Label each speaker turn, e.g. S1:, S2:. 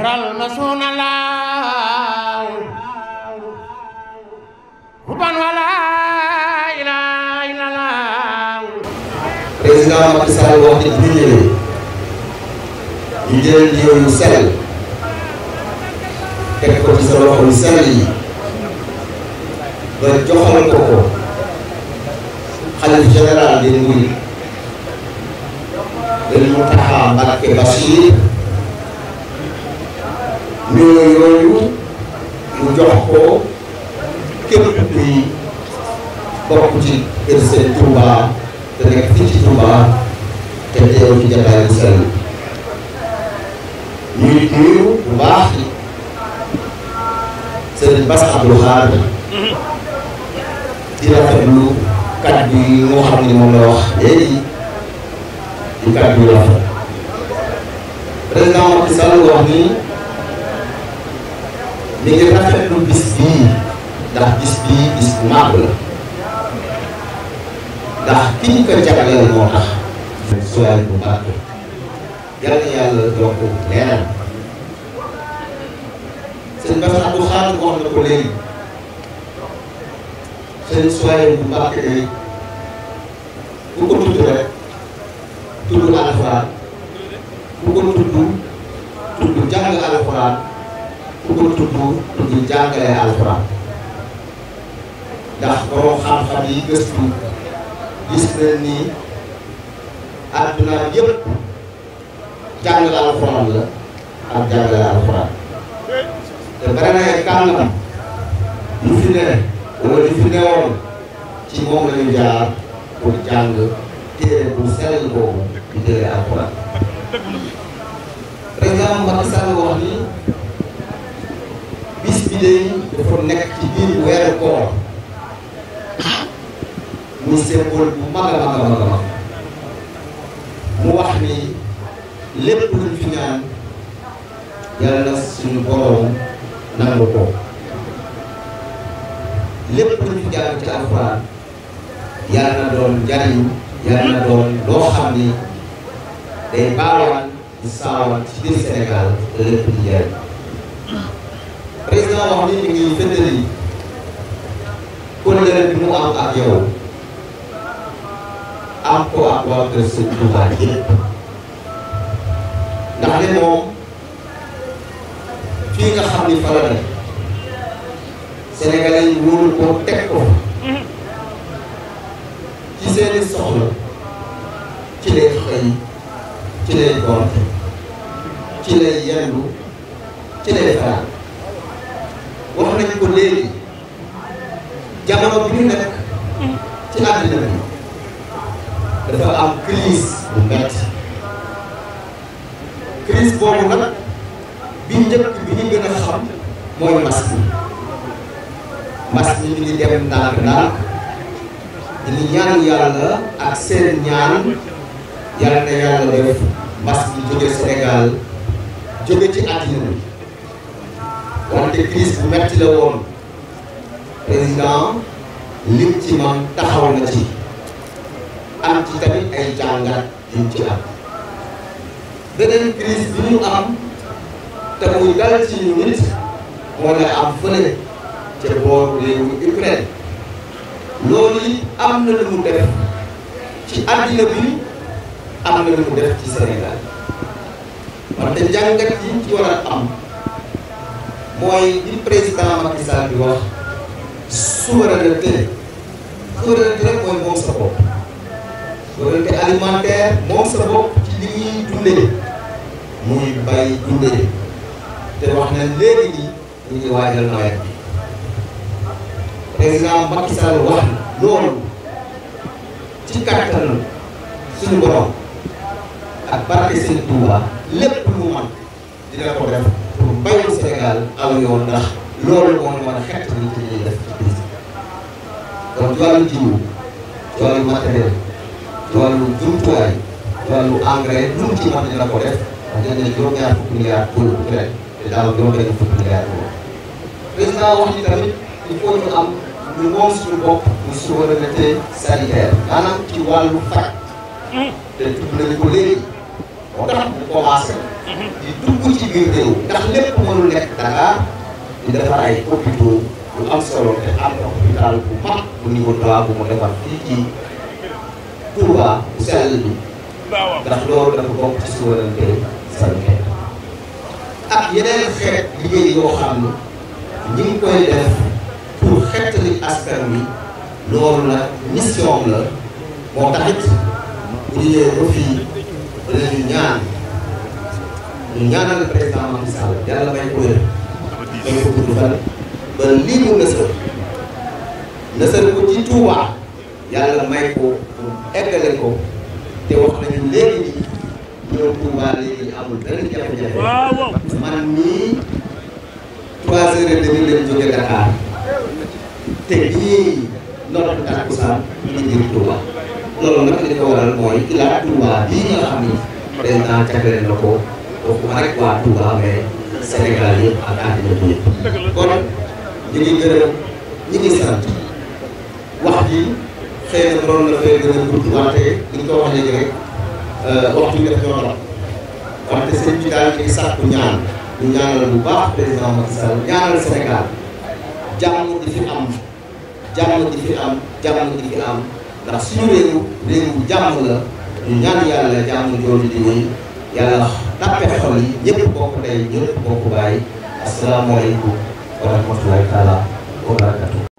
S1: ذكرى المصون لا هبا ولا إله إلا الله président Macky Sall wax nit ñi ñëwee ñu jël jiw yu sell teg ko ci sa loxo yu sell yi nga joxal ko ko xalif général di nguy dañ mu taxaa Mbacke Bachir yooyu mu jox ko képp kuy bokk ci kër seen Touba te nekk fii ci Touba te teew ci jataay bu sell ñuy nuyu bu baax Serigne Bass Abdou Khadre di rafetlu kàddu yi nga xam ne moom la wax léegi di kàddu ñu ngi rafetlu bis bii ndax bis bii bis bu màgg la ndax ki ñu ko jagleel moo tax. suwaay bu baax yal na yàlla yokk leeral. sëñ Bass Abdou Khadre wax na ko léegi. sëñ suwaay bu baax léegi. ko tudd tudd jàngale alxuraan ndax borom xam-xam yi gëstu gis nañ ni àdduna yëpp jàngale alxuraan la ak jàngale alxuraan te bare na ay kàngam lu fi ne wala lu fi newoon ci moom la ñu jaar pour jàng téere bu sell boobu di téere alxuraan président Macky Sall wax ni. bis bi day dafa nekk ci biir weeru koor muy symbole bu mag a mag a mag a mag mu wax ni lépp luñ fi yàlla suñu borom nangu ko lépp luñ jàng ci alxuraan yàlla na doon njariñ yàlla na doon loo xam ni day baawaan di saawaan ci biir Sénégal lépp di njariñ président wax ni mi ngi fëttali kóllëre bi mu am ak yow am ko ak waa kër sëñ Touba yëpp ndax ne moom fii nga xam ni fala ne sénégalais ko teg ko jamono bi ñu nekk mm. ci àddina bi dafa am crise bu metti crise boobu nag bi njëkk bi ñu gën xam mooy mas bi mas ñu ngi dem ndànk ndànk ñu ngi ñaan yàlla ak seen ñaan yàlla na yàlla def mas bi jóge Sénégal jóge ci àddina bi wante crise bu metti la woon président lim ci man taxaw na ci am ci tamit ay jàngat yu ci am beneen crise ñu am te muy dal ci nit moo lay am fële ca booru réewu Ukraine loolu yi am na def ci àddina bi am na lu def ci Sénégal wante jàngat yi ñu ci war a am mooy li président Macky Sall bi wax souveraineté souveraineté rek mooy moom sa bopp souveraineté alimentaire moom sa bopp ci li ñuy dundee muy bay dundee te wax na léegi nii ñu ngi waajal nawet bi président Macky wax loolu ci kàttan suñu borom ak barke seen Touba lépp lu mu mën dina ko def pour mbayum Sénégal aw yoon ndax loolu moo ñu mën a xett ñu def ci biir ci wàllu jiwu matériel ci jumtuwaay ci engrais lu mu ci mën dina ko def ndax dañ ne juróom-ñaar fukki milliards pour bu rek te daal juróom-benn fukki milliards pour président wax ni tamit il faut ñu am ñu moom suñu bopp ñu souveraineté sanitaire maanaam ci te tudd nañu ko léegi moo tax mu commencé di dugg ci biir réew ndax lépp mënul nekk Dakar di defar ay hôpitaux lu am solo te am na bu mag bu niveau 3 bu mu defar fii ci Touba bu sell bi ndax loolu dafa bokk ci souveraineté sanitaire ak yeneen xeet liggéey yoo xam ne ñu ngi koy def pour xeetali askan wi loolu nag mission la moo taxit bu ñu ñëwee fii danañu ñaan ñu ñaanal président Macky Sall yàlla may ko wér dañu ko tudd fan ba lii mu nësër nësër ko ci Tuubaa yàlla may ko mu eggale ko te wax nañu léegi ni ñoom Tuubaa léegi amul benn jafe-jafe man mii trois heures et jóge Dakar te ñii noonu takkusaan ñu ngi jëm Touba loolu nag li waral mooy Ila Touba bii nga xam ni président jagleel na ko waxuma rek waa Touba mais. Sénégal yëpp ak àddina bi yëpp kon ñu ngi ngi sant wax bi xëy na waroon na fee gën a gudd wante li ñu wax léegi rek euh, waxtu bi dafa ñoo rab wante ñaan ñu bu baax président Macky Sall ñaanal Sénégal jàmm di fi am jàmm di fi am jàmm di fi am ndax suñu réew réew bu jàmm la ñaan yàlla jàmm jooju di wéy yàlla tàppee xol yi ñëpp bokk ndey ñëpp bokk baay asalaamaaleykum wa rahmatulahi taala wa barakatu